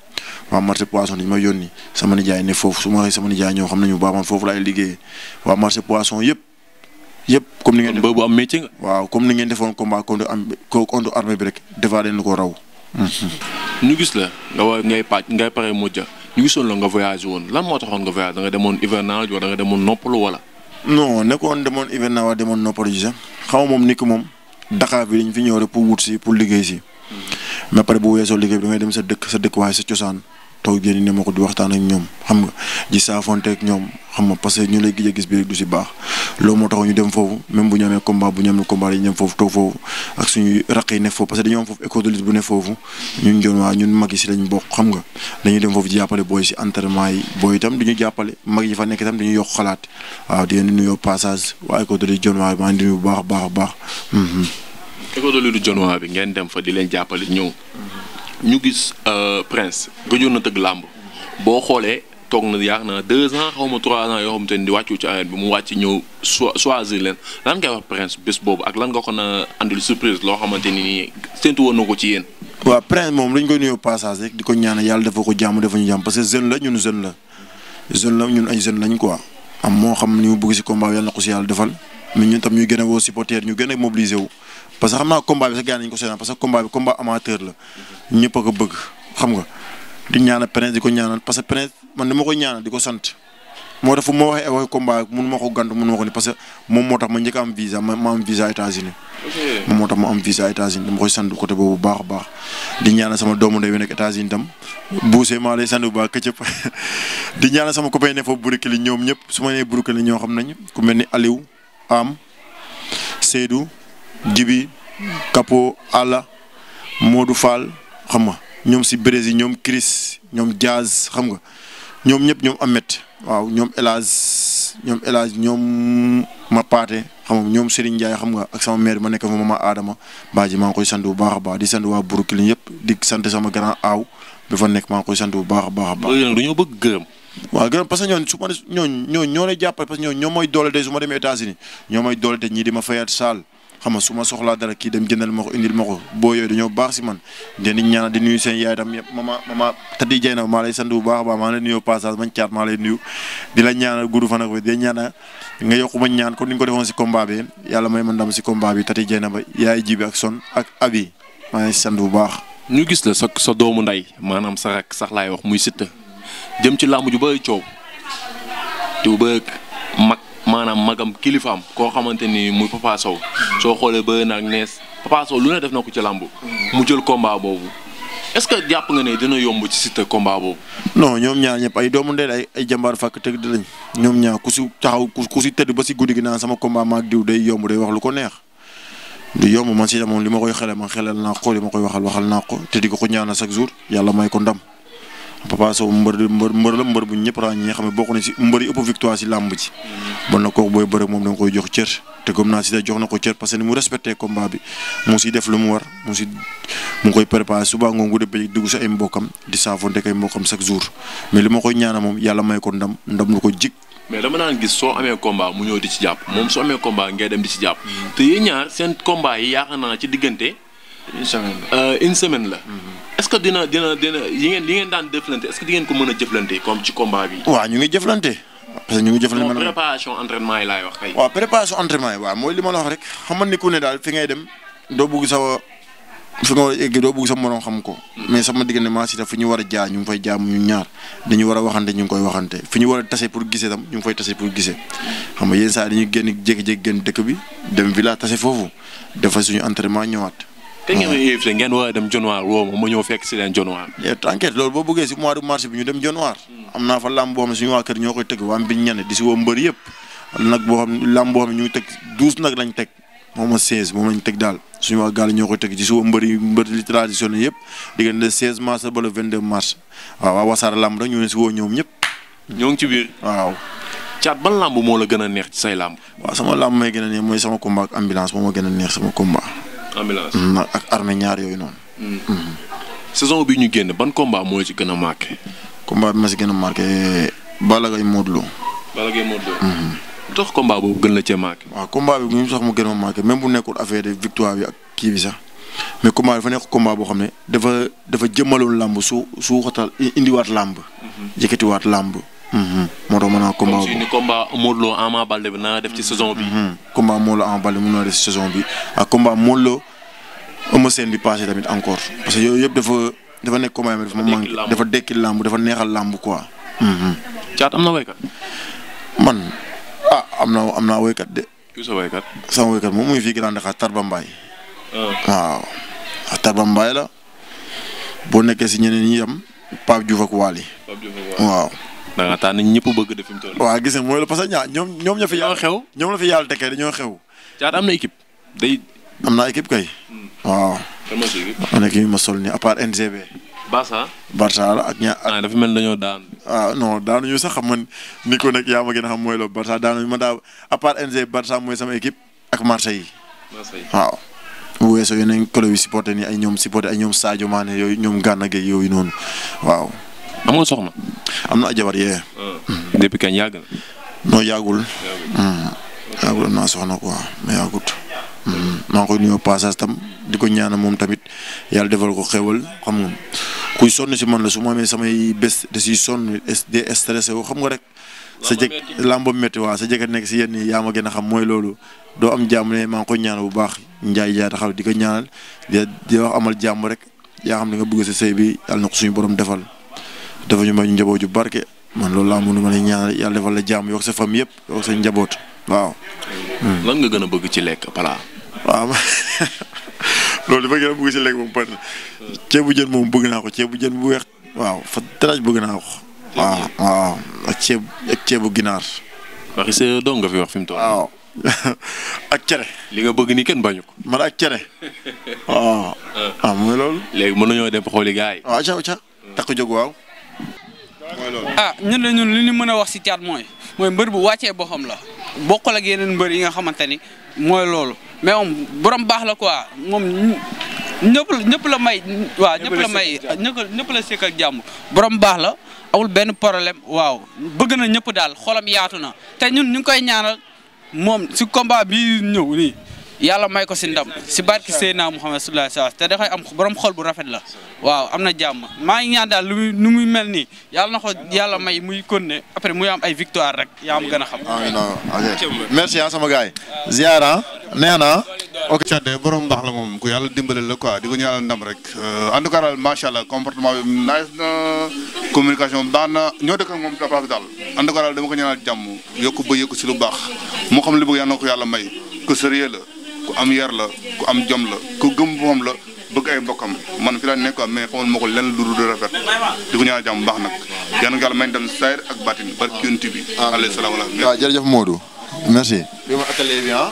waa marché poisson dañu ma yónni sama nijaay ne foofu su ma sama nijaay ñoo xam nañu bu baax man foofu laay liggéeyee waa marché poisson yëpp yëpp comme ni ngeen waaw comme ni ngeen defoon combat contre am contre armée bi rek defaa leen ko raw ñu gis la nga war ngay pàcc ngay pare mujj ñu gisoon la nga voyage woon lan moo taxoon nga voyage da demoon hivernage wala da demoon noppalu wala. non nekkoon demoon hivernage wala demoon noppalu ji sax xaw moom ni ko moom Dakar bi dañ fi ñëw rek pour wut si pour liggéey si. Mm-hmm. mais pare bu weesoo liggéey bi da dem sa dëkk sa dëkk waaye sa cosaan. toog jëli ne ma waxtaan ak ñoom xam nga di saafonte ak ñoom xam nga parce que ñu lay gis gis bi rek du baax loolu moo tax ñu dem foofu même bu ñu amee bu ñu amee combat dañu foofu toog foofu ak suñu raq yi nekk foofu parce que dañoo foofu bu ne foofu ñun joon waa ñun mag yi si lañ bokk xam nga dem foofu jàppale booy si entraînement yi booy itam du jàppale mag yi fa nekk itam dañuy yokk xalaat waaw di leen nuyoo passage waa école de lutte joon waa a baax a baax. Mhm. école de lutte joon waa bi ngeen dem fa di leen jàppale ñëw ñu gis euh, Prince gëjoon na tëgg làmb boo xoolee toog na yaakaar na deux ans xaw ma trois ans yoo xam te ni di wàccu ci arène bi mu wàcc ñëw soi choisir leen lan ngay wax Prince bés boobu ak lan nga ko na surprise loo xamante ni nii séntu woon na ko ci yéen. waaw Prince moom dañ koy nuyoo passage rek di ko ñaan yàlla dafa ko jàmm dafa ñu jàmm parce que jeune la ñun jeune la jeune la ñun ay jeune lañ quoi am moo xam ni mu bëgg si combat yàlla na ko si yàlla defal mais ñun tam ñu gën a woo supporter ñu gën a wu. parce que xam naa combat bi sax gars nañu ko seetaan parce que combat bi combat amateur la ñëpp a ko bëgg xam nga di ñaanal Prince di ko ñaanal parce que Prince man ni ma ko ñaanal di ko sant moo tax fu ma waxee ma ko gànt mun ma parce que moom moo tax ma njëkk am visa ma ma am visa États-Unis am visa États-Unis dama koy sant côté boobu bu baax a baax di sama doomu ndey bi nekk États-Unis tam ne foofu Burkina ñoom ma nee Burkina ñoo xam nañ ku mel ni Aliou Am Seydou Jibi Kapo Alla Modou Fall xam nga ñoom si Brésil ñoom Chris ñoom Diaz xam nga ñoom ñëpp ñoom Amet waaw ñoom El ñoom El ñoom Mapaate xam nga ñoom Serigne Ndiaye xam nga ak sama mère ma nekk fa mama Adama Badji maa ngi koy sant bu baax a baax di sant waa Brooklyn yëpp di sant sama grand aaw bi sant bu baax baax a baax. loolu du ñu bëgg gërëm. waaw ñoo lay jàppale parce que ñooñu ñoo mooy doole tey su ma demee États-Unis ñoo mooy doole tey ñii di ma fayal saal xam nga su soxlaa dara kii dem jëndal ma ko indil ma ko boo yooyu dañoo baax si man dinañ ñaanal di nuyu seen yaay tam yëpp mama mama tati jay na maa lay sant bu baax a baax maa lay nuyoo passage bañ caat maa lay nuyu di la ñaanal gudd fan ak wér nga yokku ma ñaan comme ni ñu ko defoon si combat bi yàlla may ma ndam si combat bi tati jay na ba yaay jibi ak son ak abi maa lay sant bu baax ñu gis la sa sa doomu nday maanaam sa rek sax laay wax muy Siteu jëm ci làmb ju bëri coow te bu bëgg mag maanaam magam kilifaam koo xamante ni muy Papa Sow soo xoolee bëri na ak nees Papa Sow lu ne def na ko ci làmb mu jël combat boobu est-ce que jàpp nga ne dina yomb ci Siteu combat boobu. no ñoom ñaar ñëpp ay doomu ndey ay ay jàmbaar fàkk tëgg dinañ ñoom ñaar ku si taxaw ku si tëdd ba si guddi gi naan sama combat maag diw day yomb day wax lu ko neex. du yomb man si amoon li ma koy xelal man xelal naa ko li ma koy waxal waxal naa ko te di ko ñaana ñaanal chaque jour yàlla may ko ndam. Papa Sow mbër mbër mbër la mbër bu ñëpp ràññee xam ne bokk na ci mbër yi ëpp victoire ci làmb ji. Mm-hmm. bon nag kooku booy bëre moom da koy jox cër te comme naa si da jox na ko cër parce que ni mu respecté combat bi mu si def lu mu war mu si koy préparé suba ngoon gu dëppee dugg sa ay mbokkam di saafonte kay mbokkam chaque jour mais li ma koy ñaanal moom yàlla may ko ndam ndam lu ko jig. mais dama naan gis soo amee combat mu ñëw di ci jàpp moom soo amee combat ngay dem di ci jàpp. Mm-hmm. te yéen ñaar seen une semaine la euh, une semaine la. Mm-hmm. est-ce que dina dina dina yi ngeen li ngeen daan jëflante est-ce que di ngeen ko mën a jëflante comme ci combat bi. waaw ñu ngi jëflante. parce que ñu ngi jëflante man préparation entraînement yi laay wax kay. waaw préparation entraînement yi waaw mooy li ma la wax rek xamal ni ku ne daal fi ngay dem doo bugg sa fi nga war a egg doo bugg sa moroom xam ko. Mm. mais sama diggante maa si fi ñu war a jaar ñu ngi fay jaar ñu ñaar dañu war a waxante ñu ngi koy waxante fi ñu war a tase pour gisee tam ñu ngi fay tase pour gisee. xam nga yenn saa dañuy génn jékki-jékki génn dëkk bi dem village tase foofu dafa suñu entraînement ñëwaat te ngeen ma invité a dem Dionewar woo ma ma ñëw fekk si leen Dionewar. t'inquiète loolu boo bëggee si mois de mars bi ñu dem Dionewar. Hmm. am naa fa làmb boo xam ne suñu waa kër ñoo koy tëgg waa Mbiñ ñene di si woo mbër yëpp nag boo xam teg moom ma seize moom lañ teg daal suñu waa gaal ñoo koy teg ci suba mbër yi mbër li traditionnel yëpp diggante le seize mars ba le vingt deux mars waaw waaw wasaare làmb rek ñu ne si woo ñoom ñëpp. ñoo ngi ci biir waaw. caat ban làmb moo la gën a neex ci say làmb. waaw sama làmb a neex mooy sama combat ak ambulance moom moo gën a neex sama combat ambulance mm, ak armée ñaar yooyu noonu. Mm. Mm. saison bi ñu génn ban combat moo ci gën a marqué. combat bi ma si gën a marqué bala gay Modou Lo. Balla Gaye Modou Lo. Mm-hmm. tax combat boobu gën a cee marqué. waaw combat bi ñu sax mu gën a marqué même bu nekkul affaire de victoire bi ak kii bi sax mais combat dafa nekk combat boo xam ne dafa dafa jëmmaloon làmb su suuxatal indiwaat làmb. Mm-hmm. yëkkatiwaat làmb. Mhm. moo tax ma ne combat boobu ni combat Modou Lo Ama Baldé bi naa def ci saison bi. Mhm. combat Modou Lo Ama Baldé mun naa def ci saison bi ak combat Modou Lo Eumeu Sène bi passé tamit encore parce que yooyu yëpp dafa dafa nekk combat dafa manqué dafa dekki làmb dafa neexal làmb quoi. Mhm. caat am na waykat. man ah am na am naa waykat de. kii sa waykat. sama waykat moom muy fii Grand Dakar Tarba Mbaye. Ah. waaw ah, Tarba Mbaye la boo nekkee si ñeneen ñi yam Pape Diouf ak Waly. Pape Diouf ak Waly waaw. da nga tànn ñëpp bëgg de fi mu toll. parce que ñaa ñoom ñoom ñoo fi. yàlla xew ñoom la fi yàlla tekkee dañoo xew. Thiat am na équipe day. naa équipe kay. Hmm. waaw. kan ma si équipe. a nekk ma sol nii à part NGB. Barça. Barça la ak ña. Ah, dañoo daan. ah non daanuñu sax xam man ni ko nag yaa ma gën a xam ma daa à part NGB Barça mooy sama équipe ak Marseille. Marseille waaw. bu weesoo yeneen club yi supporté nii ay ñoom supporté ay ñoom Sadio Mané yooyu ñoom Gana yooyu noonu waaw. am nga soxna. am na jabar yee. Hmm. depuis kañ yàgg na. am hmm. naa soxna ko mais yàggut. Hmm. maa ngi koy nuyoo passage tam di ko ñaana moom tamit yàlla defal ko xewal xam nga kuy sonn si man la su ma amee samay bés da siy sonn de stressé wu xam nga rek. sa jëkk làmba métti waa sa jëkk nekk si yenn yi yaa ma gën a xam mooy loolu doo am jàmm ne maa ngi koy ñaanal bu baax njaay jaay taxaw di ko ñaanal di wax amal jàmm rek yaa xam ne nga bëgg sa sëy bi yàlla na ko suñu borom defal. dafa ñu may njaboot ju barke man loolu laa mënu ma lay ñaan yàlla defal la jàmm yokk sa famille yëpp yokk sa njaboot waaw. Hmm. lan nga gën a bëgg ci lekk pala. loolu dafa gën a bëgg ci lekk ceebu jën moom bëgg naa ko ceebu jën bu weex. waaw fa bëgg naa ko. waaw ceebu ginaar. waxi sa doom nga fi wax fi mu toll. ak cere. li nga bëgg ni kenn bañu ko. man ak cere. waaw. ah, ah loolu. léegi mën nañoo dem xooli gars yi. waaw ca ca takk jóg waaw. ah ñun la ñun li ñu mën a wax si caat mooy mooy mbër bu wàccee boxam la bokkul ak yeneen mbër yi nga xamante ni mooy loolu mais moom borom baax la quoi moom ñëpp la may. waaw ñëpp la may ñëpp la sëkk ak jàmm borom baax la awul benn problème waaw bëgg na ñëpp daal xolam yaatu na te ñun ñu ngi koy ñaanal moom si combat bi ñëw nii. yàlla may ko si ndam si barki Seydina Muhammad sallallahu alayhi wasallam te dafay am borom xol bu rafet la waaw am na jàmm maa ñaan daal lu muy nu muy mel nii yàlla na ko yàlla may muy continuer après muy am ay victoire rek yaa am gën a xam. merci ah sama gars yi. ziara neex na. ok Thiaté borom baax la moom ku yàlla dimbale la quoi di ko ñaanal ndam euh, daal macha allah comportement bi nice na communication baax na ñoo dëkk ak moom dafa daal en tout cas daal dama ko ñaanal jàmm yokk ba yokk si lu baax mu xam li bëgg yàlla na ko yàlla may ku sérieux la. ku am yar la ku am jom la ku gëm moom la bëgg ay mbokkam man fi laa nekk quoi mais xamal ma ko lenn lu dul rafet di ko ñaan jàmm baax nag yan yàlla may dem saayir ak baatin barke yonent bi alayhi salaam waaw jërëjëf Modou merci bi ma attelé bi ah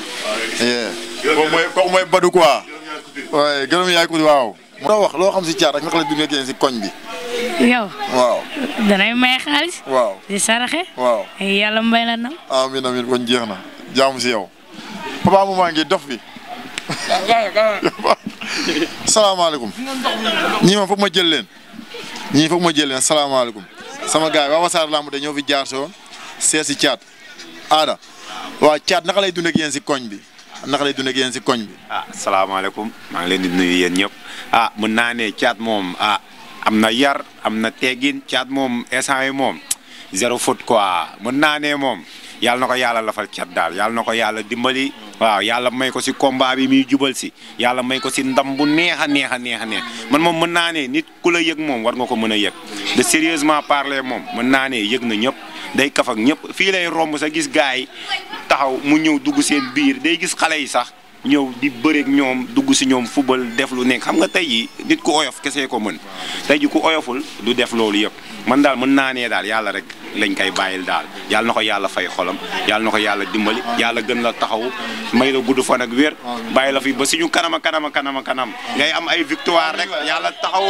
kooku mooy kooku mooy waaye gërëm yaay ko waaw moo wax loo xam si caar ak bi yow waaw danay may xaalis amin amin kon jeex na jaamu si yow papa mu maa ngi dof bi. salaamaaleykum. ñii ma foog ma jël leen. ñii foog ma jël leen salaamaaleykum. sama gars yi waa Wassare Lamb de ñoo fi jaar soo seet si caat aada waaw caat naka lay dund ak si koñ bi naka lay dund ak si koñ bi. ah salaamaaleykum maa ngi leen di nuyu yéen ñëpp ah mën naa ne caat moom ah am na yar am na teggin caat moom instant yi moom zéro faute quoi mën naa ne moom. yàlla na ko yàlla lafal cat daal yàlla na ko yàlla dimbali waaw yàlla may ko si combat bi muy jubal si yàlla may ko si ndam bu neex a neex a neex a man moom mën naa ne nit ku la yëg moom war nga ko mën a yëg de sérieusement parler moom mën naa ne yëg na ñëpp day kaf ak ñëpp fii lay romb sa gis gars yi taxaw mu ñëw dugg seen biir day gis xale yi sax ñëw di bëreek ñoom dugg si ñoom fubal def lu nekk xam nga tey yi nit ku oyof kese ko mën tey ji ku oyoful du def loolu yëpp man daal mën naa nee daal yàlla rek lañ koy bàyyil daal yàlla na ko yàlla fay xolam yàlla na ko yàlla dimbali yàlla gën la taxaw may la gudd fan ak wér bàyyi la fi ba suñu kanam a kanam a kanam a kanam ngay am ay victoire rek yàlla taxaw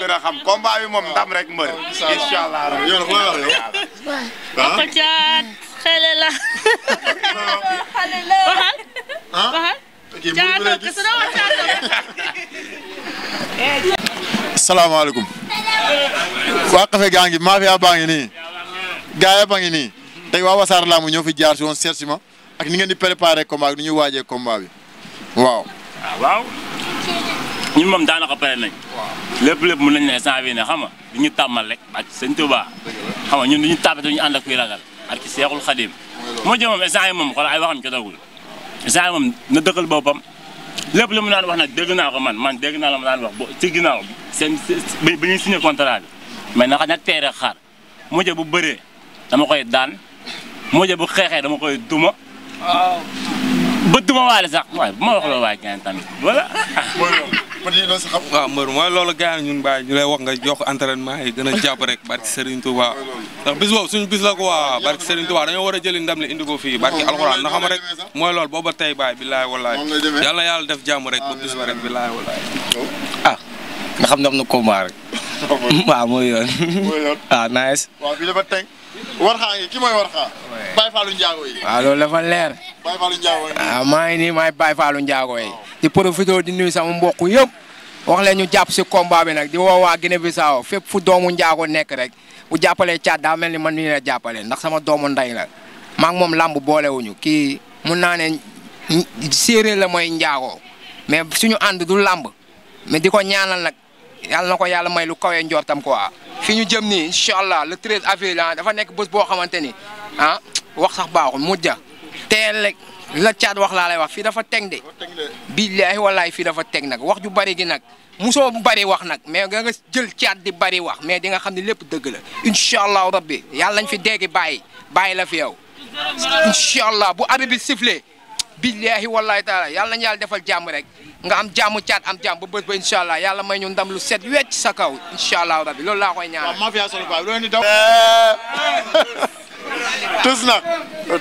gën a xam combat bi moom ndam rek mbër asalaamaaleykum waa Café gaa ngi mafia baa ngi nii gaa ya baa ngi nii tey waa Wassare Lamb ñoo fi jaar si woon seet ma ak ni ngeen di préparer combat bi ni ñuy waajee combat bi waaw. ñun moom daanaka pare nañ. waaw lépp lépp mën nañ ne instant bii ne xam nga du ñu tàmmal rek ak sëñ Touba. xam nga ñun du ñu tàmmal ñu ànd ak kuy ragal ak Seexul Xadim. moo jëm moom instant yi moom xool ay waxam jotagul instant yi moom na dëkkal boppam. lépp lu mu naan wax nag dégg naa ko man man dégg naa la mu naan wax bo ci ginnaaw seen bi ñu signé contrat bi mais naka na tey rek xaar mujj bu bëree dama koy daan mujj bu xeexee dama koy duma. ba duma waale sax waaye bu ma wax loolu waaye keneen tamit voilà. man yi loo si xam. waaw mbër mooy loolu gars yi ñun bàyyi ñu lay wax nga jox entraînement yi gën a jàpp rek barki Serigne Touba ndax bis boobu suñu bis la ko waa barki Serigne Touba dañoo war a jëli ndam li indi ko fii alxuraan na rek mooy loolu booba tey bàyyi billaay wallaay yàlla yàlla def jàmm rek ba bis rek billaay wallaay ah nga xam warxaa ngi ki mooy warxaa. Baye Fallou Ndiago yi. waaw loolu leer. Baye ah, maa ngi nii maay Baye Fallou Ndiago yi. di profité di nuyu sama mbokk yëpp. wax leen ñu jàpp si combat bi nag di woo waa Guinée Bissau fépp fu doomu Ndiago nekk rek bu jàppalee caat daa mel ni man mii la jàppale ndax sama doomu ndey la maa ngi moom làmb boolewuñu kii mun naa ne séeréer la mooy Ndiago mais suñu ànd du làmb mais di ko ñaanal nag yàlla na ko yàlla may lu kawee njortam quoi fi ñu jëm ni incha allah le 13 avril ah dafa nekk bés boo xamante ni ah wax sax baaxul mujja teel rek la caat wax laa lay wax fii dafa teg de. billaahi wallaahi fii dafa teg nag wax ju bari gi nag musoo bu bari wax nag mais nga jël caat di bari wax mais di nga xam ne lépp dëgg la incha allah rabbi yàlla nañ fi dégg bàyyi bàyyi la fi yow incha bu abi bi sifflé billaahi wallaahi taala yàlla nañu yàlla defal jàmm rek nga am jàmm caat am jàmm ba bés ba incha allah yàlla may ñu lu set wecc sa kaw incha allah rabbi loolu laa koy ñaan. waaw mafia solo baay loolu ni daw. tus na.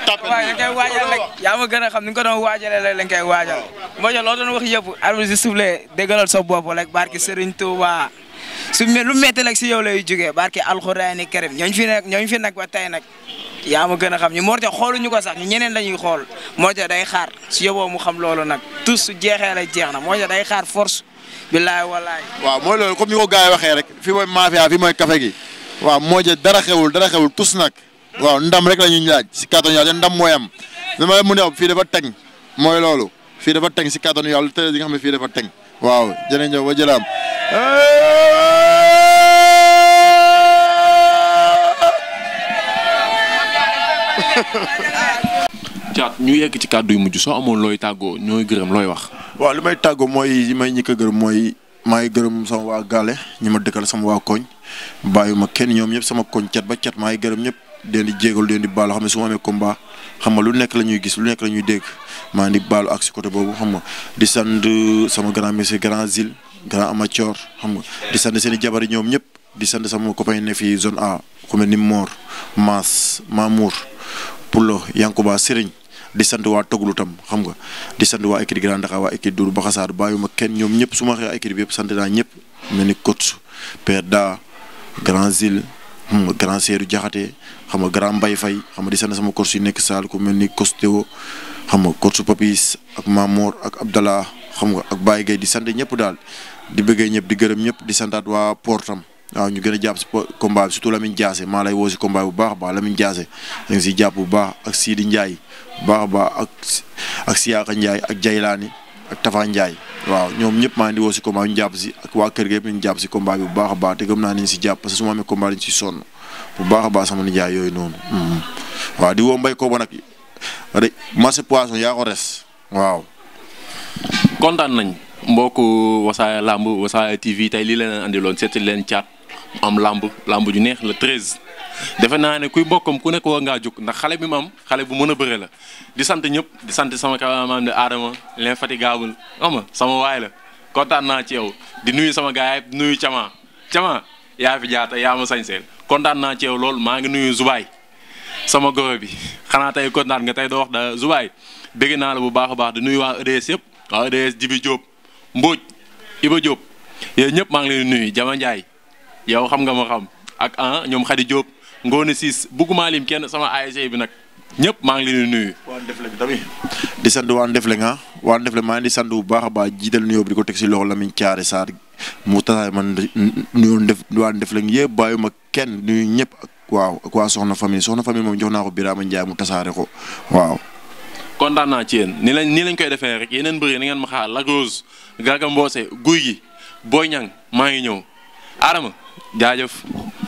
tapé waaye dañ koy waajal rek yaa ma gën a xam ni nga ko doon waajalee rek lañ koy waajal. Mbodia loo doon wax yëpp arbitre bi soufflé déggalal sa bopp rek barki su lu métti rek si yow lay jugee barki alxuraani karim ñooñu fi nag ñooñu fi nag ba tey nag. yaa ma gën a xam ñu Mor Thiaw xooluñu ko sax ñu ñeneen lañuy xool Mor Thiaw day xaar su yóbboo mu xam loolu nag tous su jeexee la jeex na Mor Thiaw day xaar force billaay walaay. waaw mooy loolu comme ni ko gars yi waxee rek fii mooy mafia fii mooy kafe gi waaw Mor Thiaw dara xewul dara xewul tus nag waaw ndam rek la ñuy laaj si kàttanu yàlla ndam mooy am li ma mun a am fii dafa teg mooy loolu fii dafa teg si kàttanu yàlla te li nga xam ne fii dafa teg waaw jërëjëf ba jëlaam Thiat ñu yegg ci kàddu yu mujj soo amoon looy tàggoo ñooy gërëm looy wax. waa lu may tàggoo mooy li may ñi gërëm mooy maa ngi gërëm sama waa gaale ñu ma dëkkal sama waa koñ ma kenn ñoom ñëpp sama koñ cat ba cat maa ngi gërëm ñëpp den di jégalu den di baalu xam ne su ma amee combat xam nga lu nekk la ñuy gis lu nekk la ñuy dégg maa ngi baalu ak si côté boobu xam na di sant sama grand monsieur grand Zil grand Amatior xam nga di sant seen i jabar ñoom ñëpp. di sant sama copain ne fii zone A ku mel ni Mor Maas Mamour Pulo Yankuba Sëriñ di sant waa Toglu tam xam nga di sant waa équipe Grand Dakar waa équipe Dour Baxasaar bàyyuma kenn ñoom ñëpp su ma waxee équipe bi yëpp sant naa ñëpp mel ni coach Père Da Grand Zil Grand Seydou xam nga Grand Mbaye Faye xam nga di sant sama coach yu nekk Saal ku mel ni coach Théo xam nga coach Papis ak Mamour ak Abdallah xam nga ak Baye di sant ñëpp daal di bëggee ñëpp di gërëm ñëpp di santaat waa tam waaw ñu gën a jàpp si combat bi surtout Lamine Diassé maa lay woo si combat bu baax a baax Lamine Diassé da si siy jàpp bu baax ak Sidi Ndiaye bu baax a baax ak ak Siyaaka Ndiaye ak Jaylaani ak Tafa Ndiaye waaw ñoom ñëpp maa ngi di woo si combat ñu si ak waa kër gi yëpp ñu jàpp si combat bu baax a baax te naa ñu si jàpp parce que ma amee combat dañu si bu baax a baax sama nijaay yooyu noonu. Mm-hmm. waaw woo mbay ko ba nag rek marché poisson yaa ko res waaw. kontaan nañ mbokku Wassare Lamb Wassare TV tey lii la leen andiloon seeti leen caat. am làmb làmb ju neex la treize. defe naa ne kuy bokkam ku nekk war ngaa jóg ndax xale bi maam xale bu mën a bëre la di sant ñëpp di sant sama cameraman bi Adama l'infatigable xam nga sama waay la kontaan naa ci yow di nuyu sama gaay nuyu Cama Cama yaa fi jaata yaa ma kontaan naa ci lool maa ngi nuyu subaay sama goro bi xanaa tey kontaan nga tey doo wax da Zubaay bëgg naa la bu baax a baax di nuyu waa EDS yëpp waa EDS Jibi Diop Mbodj Iba Diop yooyu ñëpp maa ngi leen nuyu Jama Ndiaye yow xam nga ma xam ak ah ñoom Khady Diop ngoone siis maa lim kenn sama ASC bi nag ñëpp maa ngi leen di nuyu. waan Ndefleng tamit di sant waan Ndefleng ah waan Ndefleng maa ngi di sant bu baax a baax jiital nuyoo di ko teg si loxo Lamine Thiaré Sarr mu tasaay man nuyoon def waan Ndefleng yëpp bàyyi ma kenn nuyu ñëpp waaw ak waa Soxna famille Soxna famille moom jox naa ko Birama Ndiaye mu tasaare ko waaw. kontaan naa ci yéen ni lañ ni lañ koy defee rek yeneen bëri na ngeen ma xaar Lac Rose Garga Mbossé Gouye Gui Boy Niang maa ngi ñëw Adama. jaajëf